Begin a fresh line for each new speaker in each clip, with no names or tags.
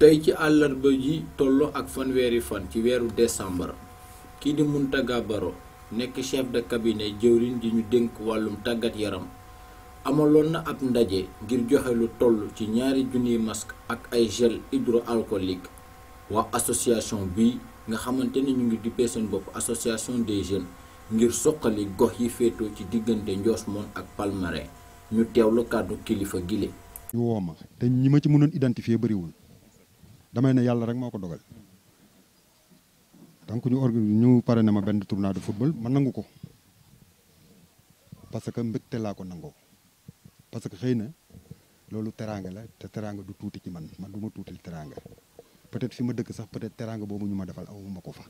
tey ci àllarba yi tolloo ak fanweeri fan ci weeru décembre kii di Mountaga Baro nekk chef de cabinet jëwriñ di ñu dénk wàllum tàggat yaram amaloon na ab ndaje ngir joxe lu toll ci ñaari junniy masque ak ay gel hydroalcoolique waa association bi nga xamante ni ñu ngi duppee seen bopp association des jeunes ngir soqali gox yi féetoo ci diggante njoos Ndiosmone ak Palmarin ñu teewlu kàddu kilifa gile.
ñu woo ma te ma ci mënoon identifier bëriwul. damay na yàlla rek moo ko dogal donc ñu organise ñu pare na ma benn tournoi de football ma nangu ko parce que mbégte laa ko nangoo parce que xëy na loolu teraanga la te teraanga du tuuti ci man man du ma tuutil teraanga peut-être fi ma dëkk sax peut-être teraanga boobu ñu ma defal ma ko fa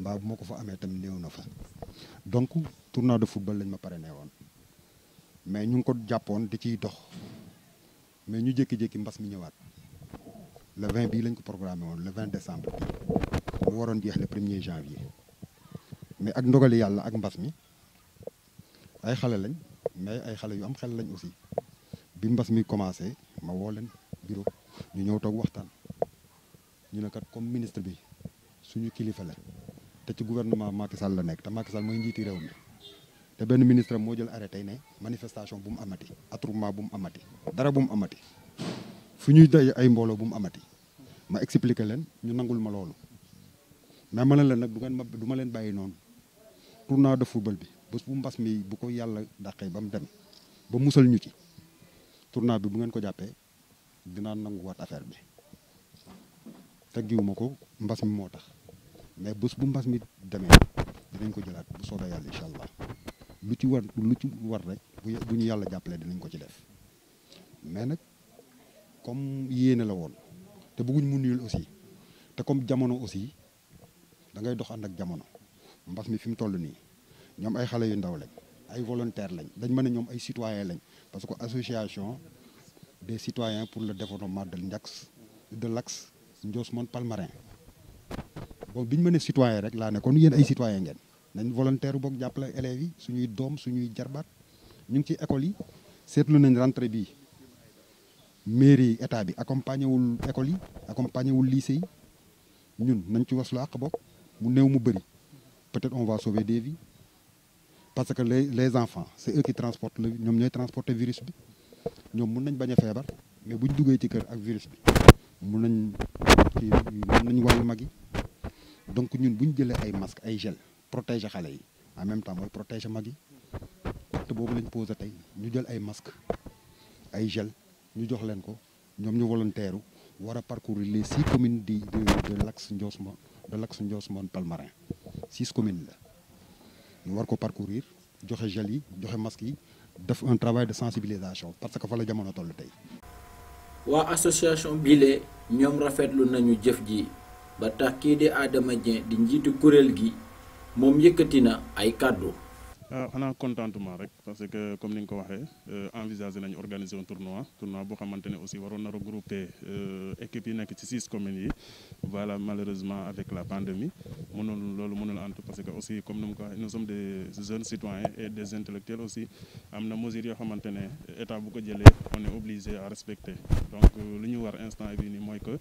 mbaa bu ma ko fa amee tam néew na fa donc tournoi de football lañ ma pare ne woon mais ñu ngi ko jàppoon di ciy dox mais ñu jékki-jékki mbas mi ñëwaat. le vingt bii lañ ko programme woon le 20 décembre bi mu waroon jeex le premier janvier mais ak ndogali yàlla ak mbas mi ay xale lañ mais ay xale yu am xel lañ aussi bi mbas mi commencé ma woo leen bureau ñu ñëw toog waxtaan ñu ne kat comme ministre bi suñu kilifa la te ci gouvernement Macky Sall la nekk te Macky Sall mooy njiiti réew mi te benn ministre moo jël arrêté ne manifestation bu mu amati attroupement bu mu amati dara bu mu amati fu ñuy daje ay mbooloo bu mu amati ma expliquer leen ñu nangul ma loolu mais ma ne leen nag du ngeen ma du ma leen bàyyi noonu tournoi de football bi bés bu mbas mi bu ko yàlla dàqee ba mu dem ba musal ñu ci tournoi bi bu ngeen ko jàppee dinaa nanguwaat affaire bi teggiwuma ko mbas mi moo tax mais bés bu mbas mi demee dinañ ko jëlaat bu soobee yàlla incha allah lu ci war lu ci war rek bu ñu yàlla jàppalee dinañ ko ci def mais nag. comme yéene la woon te bëgguñ mu nuyul aussi te comme jamono aussi da ngay dox ànd ak jamono mbas mi fi mu toll nii ñoom ay xale yu ndaw lañ ay volontaire lañ dañ mën a ñoom ay citoyen lañ parce que association des citoyens pour le développement de l'axe de l'axe Ndiosmone Palmarin bon bi ñu mënee citoyen rek laa ne kon yéen ay citoyen ngeen nañ volontaire boog jàppale élèves yi suñuy doom suñuy jarbaat ñu ngi ci école yi seetlu nañ rentrée bii mairie état bi accompagné wul école yi accompagné wul lycée yi ñun nañ ci waslu àq bokk mu néew mu bëri peut-être on va sauver des vies parce que les les enfants c'est eux qui transportent le ñoom ñooy transporter virus bi ñoom mun nañ baña a feebar mais buñ duggee ci kër ak virus bi mun nañ kii mun nañ wàllu mag yi donc ñun bu ñu jëlee ay masque ay gel protéger xale yi en même temps mooy protéger mag yi te boobu lañ posé tey ñu jël ay masque ay gel ñu jox leen ko ñoom ñu volontaire wara a parcourir les six communes di de de l'axe Ndiosmone de l'axe Ndiosmone Palmarin six communes la ñu war ko parcourir joxe gel yi joxe masque yi def un travail de sensibilisation parce que fa la jamono toll tey.
waa association bile ñoom rafetlu nañu jëf ji ba tax kii di Adama Dieng di njiitu kuréel gi moom yëkkati na ay kàddu.
ah xanaa contentement rek parce que comme ni nga ko waxee euh, envisager nañu organiser un tournoi tournoi boo xamante ne aussi waroon na regrouper euh, équipe yi nekk ci six communes yi voilà malheureusement avec la pandémie mënul loolu mënul antu parce que aussi comme ni mu ko waxee nous sommes des jeunes citoyens et des intellectuels aussi am na mesures yoo xamante ne état bu ko jëlee on est obligé à respecter donc euh, lu ñu war instant bi nii mooy que.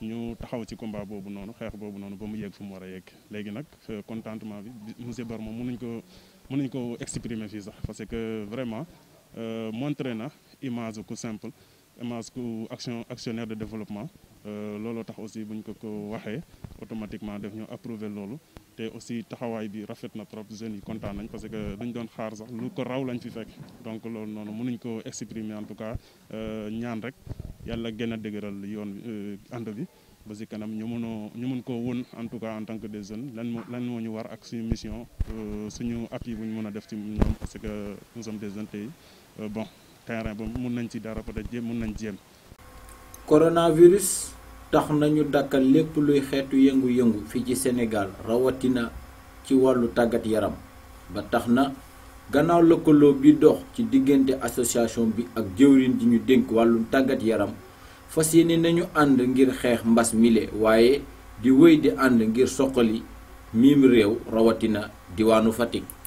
ñu taxaw ci combat boobu noonu xeex boobu noonu ba mu yegg fu mu war a yegg léegi nag contentement bi monsieur Barma mënuñ ko mën nañu ko exprimer fii sax parce que vraiment euh, montré na image ku simple image ku action actionnaire de développement euh, looloo tax aussi bu ñu ko ko waxee automatiquement def ñu approuver loolu te aussi taxawaay bi rafet na trop jeunes yi kontaan nañ parce que dañ doon xaar sax lu ko raw lañ fi fekk donc loolu noonu mënuñ ko exprimer en tout cas euh, ñaan rek yàlla gën a dëgëral yoon ànd bi ba si kanam ñu mënoo ñu mën ko won en tout cas en tan que des jeunes lan moo lan moo ñu war ak suñu mission euh, suñu at yi bu ñu mën a def ci ñoom parce que nous des jeunes euh, bon terrain ba mun nañ ci dara peut-être jéem mun nañ jéem. coronavirus
tax nañu dakkal lépp luy xeetu yëngu-yëngu fii ci Sénégal rawatina ci wàllu tàggat yaram ba tax na gannaaw lëkkaloo bi dox ci diggante association bi ak jëwriñ ji ñu dénk wàllu tàggat yaram. fas yéene nañu ànd ngir xeex mbas mile waaye di wéy di ànd ngir soqali miim
réew rawatina diwaanu Fatick.